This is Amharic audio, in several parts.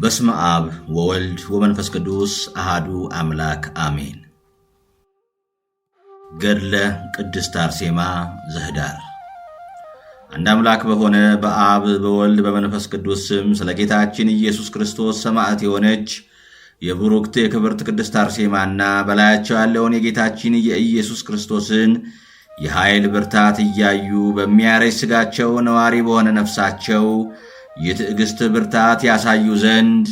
በስመ አብ ወወልድ ወመንፈስ ቅዱስ አሃዱ አምላክ አሜን። ገድለ ቅድስት አርሴማ ዘህዳር አንድ አምላክ በሆነ በአብ በወልድ በመንፈስ ቅዱስ ስም ስለ ጌታችን ኢየሱስ ክርስቶስ ሰማዕት የሆነች የብሩክት የክብርት ቅድስት አርሴማና በላያቸው ያለውን የጌታችን የኢየሱስ ክርስቶስን የኃይል ብርታት እያዩ በሚያረጅ ሥጋቸው ነዋሪ በሆነ ነፍሳቸው የትዕግሥት ብርታት ያሳዩ ዘንድ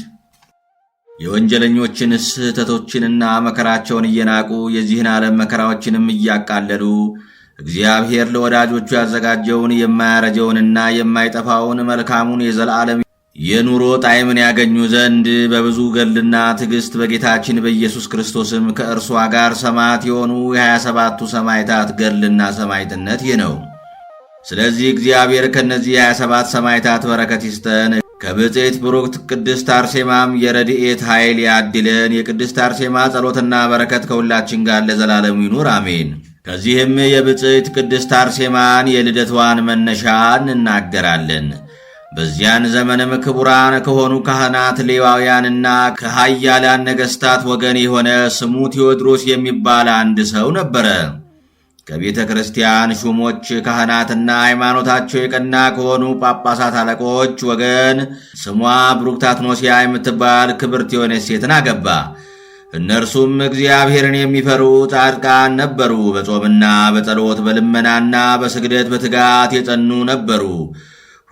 የወንጀለኞችን ስህተቶችንና መከራቸውን እየናቁ የዚህን ዓለም መከራዎችንም እያቃለሉ እግዚአብሔር ለወዳጆቹ ያዘጋጀውን የማያረጀውንና የማይጠፋውን መልካሙን የዘላለም የኑሮ ጣዕምን ያገኙ ዘንድ በብዙ ገልና ትዕግሥት በጌታችን በኢየሱስ ክርስቶስም ከእርሷ ጋር ሰማዕት የሆኑ የሀያ ሰባቱ ሰማዕታት ገልና ሰማዕትነት ይህ ነው። ስለዚህ እግዚአብሔር ከእነዚህ ሃያ ሰባት ሰማይታት በረከት ይስጠን። ከብጽዕት ብሩክት ቅድስት አርሴማም የረድኤት ኃይል ያድለን። የቅድስት አርሴማ ጸሎትና በረከት ከሁላችን ጋር ለዘላለሙ ይኑር አሜን። ከዚህም የብጽዕት ቅድስት አርሴማን የልደትዋን መነሻ እንናገራለን። በዚያን ዘመንም ክቡራን ከሆኑ ካህናት ሌዋውያንና ከሃያላን ነገሥታት ወገን የሆነ ስሙ ቴዎድሮስ የሚባል አንድ ሰው ነበረ። ከቤተ ክርስቲያን ሹሞች ካህናትና ሃይማኖታቸው የቀና ከሆኑ ጳጳሳት አለቆች ወገን ስሟ ብሩክታትኖሲያ የምትባል ክብርት የሆነች ሴትን አገባ። እነርሱም እግዚአብሔርን የሚፈሩ ጻድቃን ነበሩ። በጾምና በጸሎት በልመናና በስግደት በትጋት የጸኑ ነበሩ።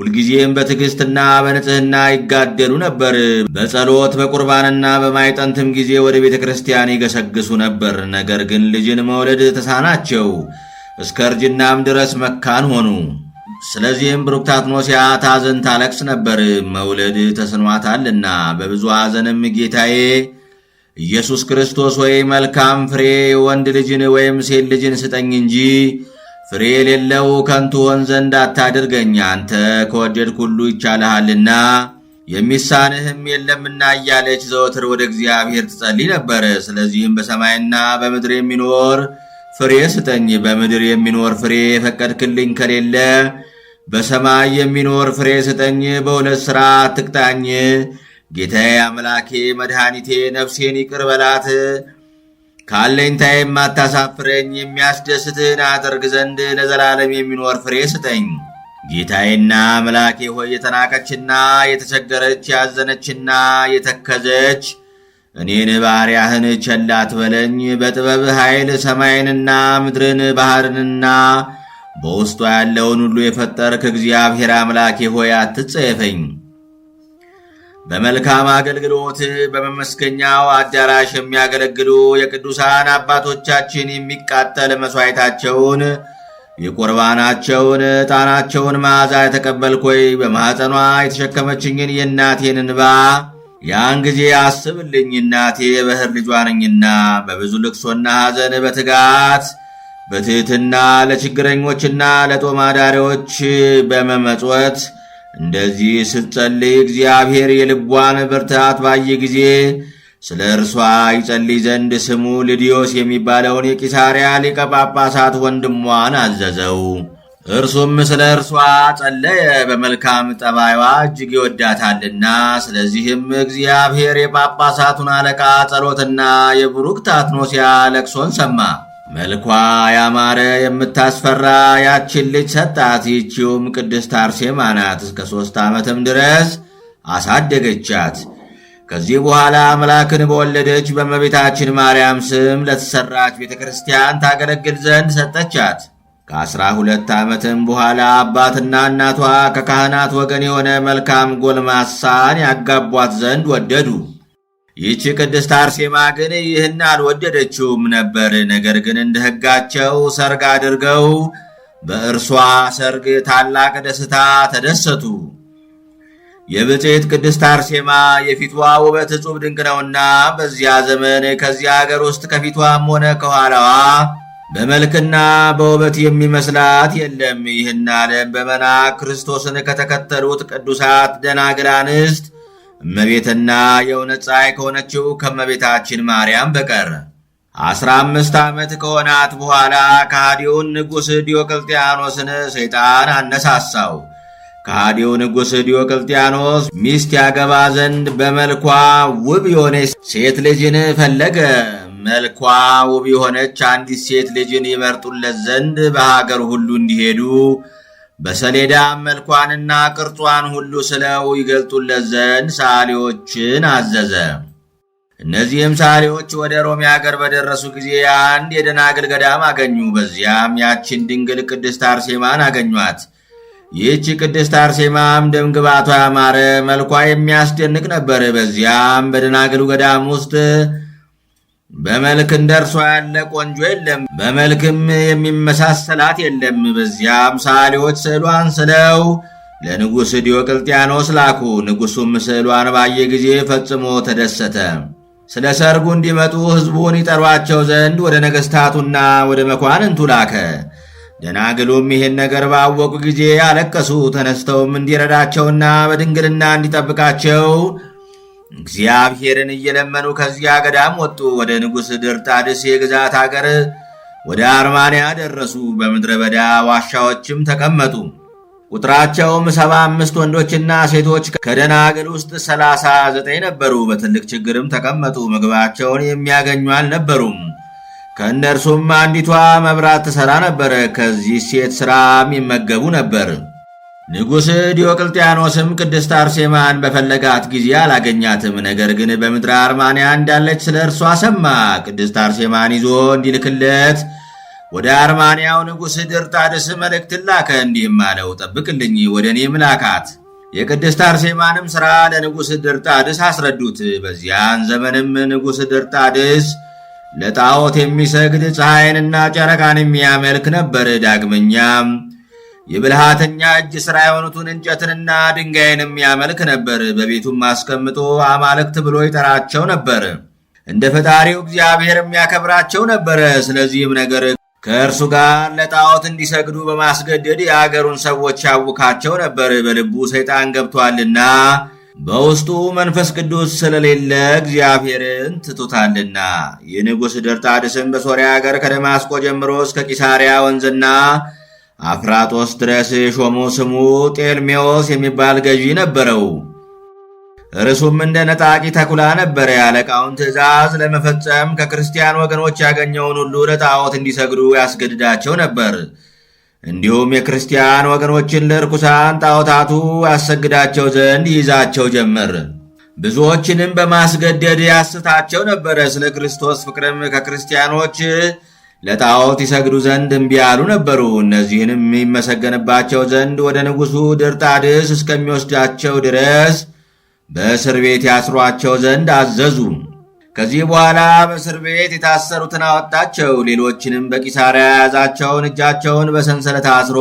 ሁልጊዜም በትዕግሥትና በንጽሕና ይጋደሉ ነበር። በጸሎት በቁርባንና በማይጠንትም ጊዜ ወደ ቤተ ክርስቲያን ይገሰግሱ ነበር። ነገር ግን ልጅን መውለድ ተሳናቸው። እስከ እርጅናም ድረስ መካን ሆኑ። ስለዚህም ብሩክታትኖስያ ታዘን ታለቅስ ነበር፣ መውለድ ተስኗታልና። በብዙ ሐዘንም ጌታዬ ኢየሱስ ክርስቶስ ወይ መልካም ፍሬ ወንድ ልጅን ወይም ሴት ልጅን ስጠኝ እንጂ ፍሬ የሌለው ከንቱ ሆን ዘንድ አታድርገኝ። አንተ ከወደድክ ሁሉ ይቻልሃልና የሚሳንህም የለምና እያለች ዘወትር ወደ እግዚአብሔር ትጸልይ ነበር። ስለዚህም በሰማይና በምድር የሚኖር ፍሬ ስጠኝ፣ በምድር የሚኖር ፍሬ የፈቀድክልኝ ከሌለ በሰማይ የሚኖር ፍሬ ስጠኝ፣ በሁለት ሥራ አትቅጣኝ። ጌታዬ አምላኬ መድኃኒቴ ነፍሴን ይቅር በላት ካለኝታዬ አታሳፍረኝ። የሚያስደስትህን አደርግ ዘንድ ለዘላለም የሚኖር ፍሬ ስጠኝ። ጌታዬና አምላኬ ሆይ የተናቀችና የተቸገረች ያዘነችና የተከዘች እኔን ባሪያህን ቸላት በለኝ። በጥበብ ኃይል ሰማይንና ምድርን ባሕርንና በውስጧ ያለውን ሁሉ የፈጠርክ እግዚአብሔር አምላኬ ሆይ አትጸየፈኝ። በመልካም አገልግሎት በመመስገኛው አዳራሽ የሚያገለግሉ የቅዱሳን አባቶቻችን የሚቃጠል መሥዋዕታቸውን የቁርባናቸውን ዕጣናቸውን መዓዛ የተቀበልኮይ ሆይ በማኅፀኗ የተሸከመችኝን የእናቴን እንባ ያን ጊዜ አስብልኝ። እናቴ የባሕር ልጇ ነኝና በብዙ ልቅሶና ሐዘን በትጋት በትሕትና ለችግረኞችና ለጦማዳሪዎች በመመጽወት እንደዚህ ስትጸልይ እግዚአብሔር የልቧን ብርታት ባየ ጊዜ ስለ እርሷ ይጸልይ ዘንድ ስሙ ልድዮስ የሚባለውን የቂሳሪያ ሊቀ ጳጳሳት ወንድሟን አዘዘው። እርሱም ስለ እርሷ ጸለየ፣ በመልካም ጠባይዋ እጅግ ይወዳታልና። ስለዚህም እግዚአብሔር የጳጳሳቱን አለቃ ጸሎትና ታትኖሲያ ለቅሶን ሰማ። መልኳ ያማረ የምታስፈራ ያችን ልጅ ሰጣት። ይቺውም ቅድስት አርሴማ ናት። እስከ ሦስት ዓመትም ድረስ አሳደገቻት። ከዚህ በኋላ አምላክን በወለደች በእመቤታችን ማርያም ስም ለተሠራች ቤተ ክርስቲያን ታገለግል ዘንድ ሰጠቻት። ከአስራ ሁለት ዓመትም በኋላ አባትና እናቷ ከካህናት ወገን የሆነ መልካም ጎልማሳን ያጋቧት ዘንድ ወደዱ። ይህቺ ቅድስት አርሴማ ግን ይህን አልወደደችውም ነበር። ነገር ግን እንደ ሕጋቸው ሰርግ አድርገው በእርሷ ሰርግ ታላቅ ደስታ ተደሰቱ። የብፅዕት ቅድስት አርሴማ የፊቷ ውበት እጹብ ድንቅ ነውና በዚያ ዘመን ከዚያ አገር ውስጥ ከፊቷም ሆነ ከኋላዋ በመልክና በውበት የሚመስላት የለም። ይህን ዓለም በመና ክርስቶስን ከተከተሉት ቅዱሳት ደናግል አንስት እመቤትና የእውነት ፀሐይ ከሆነችው ከእመቤታችን ማርያም በቀር አስራ አምስት ዓመት ከሆናት በኋላ ከሃዲውን ንጉሥ ዲዮቅልጥያኖስን ሰይጣን አነሳሳው። ከሃዲው ንጉሥ ዲዮቅልጥያኖስ ሚስት ያገባ ዘንድ በመልኳ ውብ የሆነች ሴት ልጅን ፈለገ። መልኳ ውብ የሆነች አንዲት ሴት ልጅን ይመርጡለት ዘንድ በሀገር ሁሉ እንዲሄዱ በሰሌዳ መልኳንና ቅርጿን ሁሉ ስለው ይገልጡለት ዘንድ ሳሌዎችን አዘዘ። እነዚህም ሳሌዎች ወደ ሮሚ አገር በደረሱ ጊዜ አንድ የደናግል ገዳም አገኙ። በዚያም ያችን ድንግል ቅድስት አርሴማን አገኟት። ይህች ቅድስት አርሴማም ደምግባቷ ያማረ መልኳ የሚያስደንቅ ነበር። በዚያም በደናግሉ ገዳም ውስጥ በመልክ እንደ እርሷ ያለ ቆንጆ የለም፣ በመልክም የሚመሳሰላት የለም። በዚያም ሰዓሊዎች ስዕሏን ስለው ለንጉሥ ዲዮቅልጥያኖስ ላኩ። ንጉሡም ስዕሏን ባየ ጊዜ ፈጽሞ ተደሰተ። ስለ ሰርጉ እንዲመጡ ሕዝቡን ይጠሯቸው ዘንድ ወደ ነገሥታቱና ወደ መኳንንቱ ላከ። ደናግሉም ይህን ነገር ባወቁ ጊዜ አለቀሱ። ተነስተውም እንዲረዳቸውና በድንግልና እንዲጠብቃቸው እግዚአብሔርን እየለመኑ ከዚያ ገዳም ወጡ። ወደ ንጉሥ ድርጣድስ የግዛት አገር ወደ አርማንያ ደረሱ። በምድረ በዳ ዋሻዎችም ተቀመጡ። ቁጥራቸውም ሰባ አምስት ወንዶችና ሴቶች ከደናግል ውስጥ ሰላሳ ዘጠኝ ነበሩ። በትልቅ ችግርም ተቀመጡ። ምግባቸውን የሚያገኙ አልነበሩም። ከእነርሱም አንዲቷ መብራት ትሠራ ነበር። ከዚህ ሴት ሥራም ይመገቡ ነበር። ንጉሥ ዲዮቅልጥያኖስም ቅድስት አርሴማን በፈለጋት ጊዜ አላገኛትም። ነገር ግን በምድረ አርማንያ እንዳለች ስለ እርሷ ሰማ። ቅድስት አርሴማን ይዞ እንዲልክለት ወደ አርማንያው ንጉሥ ድርጣድስ መልእክትን ላከ። እንዲህም አለው፣ ጠብቅልኝ፣ ወደ እኔ ምላካት። የቅድስት አርሴማንም ሥራ ለንጉሥ ድርጣድስ አስረዱት። በዚያን ዘመንም ንጉሥ ድርጣድስ ለጣዖት የሚሰግድ ፀሐይንና ጨረቃን የሚያመልክ ነበር። ዳግመኛም የብልሃተኛ እጅ ሥራ የሆኑትን እንጨትንና ድንጋይንም ያመልክ ነበር። በቤቱም አስቀምጦ አማልክት ብሎ ይጠራቸው ነበር። እንደ ፈጣሪው እግዚአብሔርም ያከብራቸው ነበረ። ስለዚህም ነገር ከእርሱ ጋር ለጣዖት እንዲሰግዱ በማስገደድ የአገሩን ሰዎች ያውካቸው ነበር። በልቡ ሰይጣን ገብቷልና በውስጡ መንፈስ ቅዱስ ስለሌለ እግዚአብሔርን ትቶታልና። የንጉሥ ድርጣድስም በሶርያ አገር ከደማስቆ ጀምሮ እስከ ቂሳሪያ ወንዝና አፍራጦስ ድረስ ሾሞ ስሙ ጤርሜዎስ የሚባል ገዢ ነበረው። እርሱም እንደ ነጣቂ ተኩላ ነበረ። ያለቃውን ትእዛዝ ለመፈጸም ከክርስቲያን ወገኖች ያገኘውን ሁሉ ለጣዖት እንዲሰግዱ ያስገድዳቸው ነበር። እንዲሁም የክርስቲያን ወገኖችን ለርኩሳን ጣዖታቱ ያሰግዳቸው ዘንድ ይይዛቸው ጀመር። ብዙዎችንም በማስገደድ ያስታቸው ነበረ። ስለ ክርስቶስ ፍቅርም ከክርስቲያኖች ለጣዖት ይሰግዱ ዘንድ እምቢ ያሉ ነበሩ። እነዚህንም የሚመሰገንባቸው ዘንድ ወደ ንጉሡ ድርጣድስ እስከሚወስዳቸው ድረስ በእስር ቤት ያስሯቸው ዘንድ አዘዙ። ከዚህ በኋላ በእስር ቤት የታሰሩትን አወጣቸው። ሌሎችንም በቂሳሪያ የያዛቸውን እጃቸውን በሰንሰለት አስሮ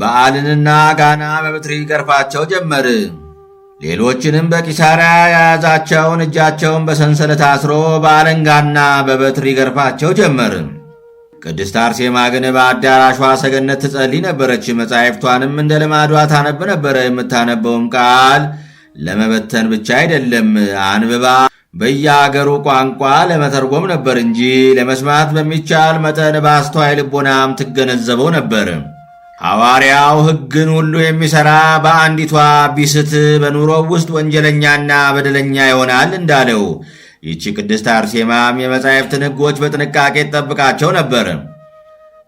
በዓልንና ጋና በበትሪ ገርፋቸው ጀመር። ሌሎችንም በቂሳሪያ የያዛቸውን እጃቸውን በሰንሰለት አስሮ በአለንጋና በበትር ይገርፋቸው ጀመር። ቅድስት አርሴማ ግን በአዳራሿ ሰገነት ትጸልይ ነበረች። መጻሕፍቷንም እንደ ልማዷ ታነብ ነበረ። የምታነበውም ቃል ለመበተን ብቻ አይደለም፣ አንብባ በየአገሩ ቋንቋ ለመተርጎም ነበር እንጂ ለመስማት በሚቻል መጠን በአስተዋይ ልቦናም ትገነዘበው ነበር። ሐዋርያው ሕግን ሁሉ የሚሠራ በአንዲቷ ቢስት በኑሮው ውስጥ ወንጀለኛና በደለኛ ይሆናል እንዳለው ይቺ ቅድስት አርሴማም የመጻሕፍትን ሕጎች በጥንቃቄ ትጠብቃቸው ነበር።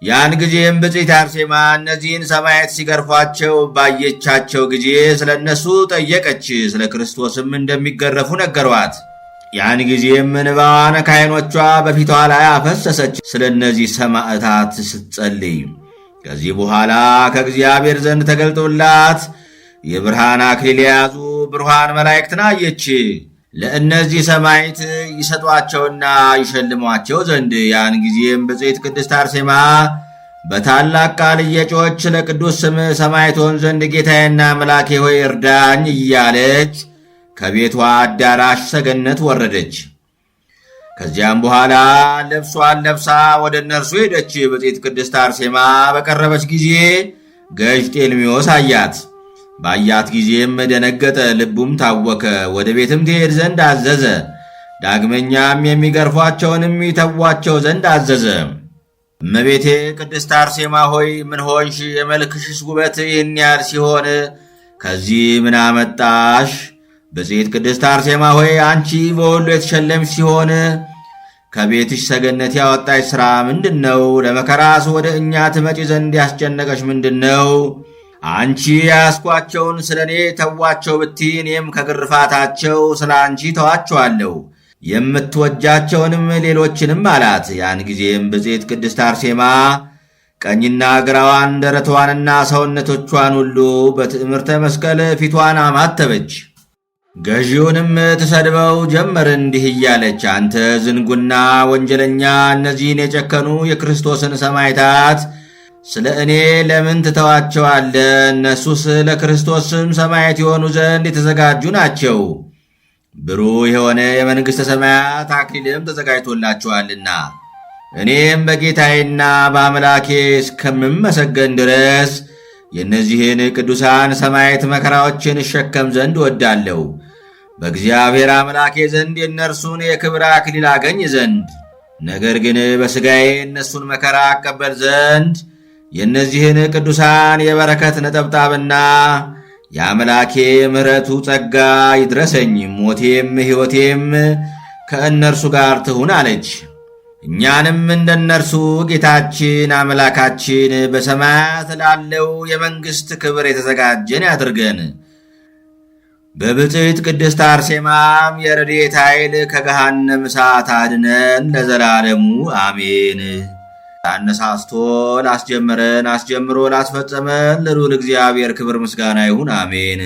ያን ጊዜም ብፅት አርሴማ እነዚህን ሰማያት ሲገርፏቸው ባየቻቸው ጊዜ ስለ እነሱ ጠየቀች፣ ስለ ክርስቶስም እንደሚገረፉ ነገሯት። ያን ጊዜም እንባዋን ከዓይኖቿ በፊቷ ላይ አፈሰሰች፣ ስለ እነዚህ ሰማዕታት ስትጸልይ ከዚህ በኋላ ከእግዚአብሔር ዘንድ ተገልጦላት የብርሃን አክሊል የያዙ ብርሃን መላእክትን አየች። ለእነዚህ ሰማዕት ይሰጧቸውና ይሸልሟቸው ዘንድ። ያን ጊዜም ብፅዕት ቅድስት አርሴማ በታላቅ ቃል እየጮች ለቅዱስ ስም ሰማዕት ሆን ዘንድ ጌታዬና መላኬ ሆይ እርዳኝ እያለች ከቤቷ አዳራሽ ሰገነት ወረደች። ከዚያም በኋላ ልብሷን ለብሳ ወደ እነርሱ ሄደች። ብጽዕት ቅድስት አርሴማ በቀረበች ጊዜ ገዥ ጤልሚዎስ አያት። ባያት ጊዜም ደነገጠ፣ ልቡም ታወከ። ወደ ቤትም ትሄድ ዘንድ አዘዘ። ዳግመኛም የሚገርፏቸውንም ይተዋቸው ዘንድ አዘዘ። እመቤቴ ቅድስት አርሴማ ሆይ ምን ሆንሽ? የመልክሽስ ውበት ይህን ያህል ሲሆን ከዚህ ምን አመጣሽ? ብጽዕት ቅድስት አርሴማ ሆይ አንቺ በሁሉ የተሸለምሽ ሲሆን ከቤትሽ ሰገነት ያወጣሽ ሥራ ምንድን ነው? ለመከራስ ወደ እኛ ትመጪ ዘንድ ያስጨነቀሽ ምንድን ነው? አንቺ ያስኳቸውን ስለ እኔ ተዋቸው ብቲ እኔም ከግርፋታቸው ስለ አንቺ ተዋቸዋለሁ የምትወጃቸውንም ሌሎችንም አላት። ያን ጊዜም ብፅዕት ቅድስት አርሴማ ቀኝና ግራዋን ደረቷንና ሰውነቶቿን ሁሉ በትምህርተ መስቀል ፊቷን አማተበች። ገዢውንም ትሰድበው ጀመር እንዲህ እያለች፣ አንተ ዝንጉና ወንጀለኛ፣ እነዚህን የጨከኑ የክርስቶስን ሰማይታት ስለ እኔ ለምን ትተዋቸዋለ እነሱስ ለክርስቶስም ስም የሆኑ ዘንድ የተዘጋጁ ናቸው። ብሩህ የሆነ የመንግሥተ ሰማያት አክሊልም ተዘጋጅቶላቸዋልና እኔም በጌታዬና በአምላኬ እስከምመሰገን ድረስ የእነዚህን ቅዱሳን ሰማያት መከራዎችን እሸከም ዘንድ ወዳለሁ። በእግዚአብሔር አምላኬ ዘንድ የእነርሱን የክብር አክሊል አገኝ ዘንድ ነገር ግን በሥጋዬ እነሱን መከራ አቀበል ዘንድ የእነዚህን ቅዱሳን የበረከት ነጠብጣብና የአምላኬ ምሕረቱ ጸጋ ይድረሰኝ። ሞቴም ሕይወቴም ከእነርሱ ጋር ትሁን አለች። እኛንም እንደ እነርሱ ጌታችን አምላካችን በሰማያት ላለው የመንግሥት ክብር የተዘጋጀን ያድርገን። በብፅዕት ቅድስት አርሴማም የረድኤት ኃይል ከገሃነም እሳት አድነን ለዘላለሙ አሜን። አነሳስቶ ላስጀመረን አስጀምሮ ላስፈጸመን ለልዑል እግዚአብሔር ክብር ምስጋና ይሁን፣ አሜን።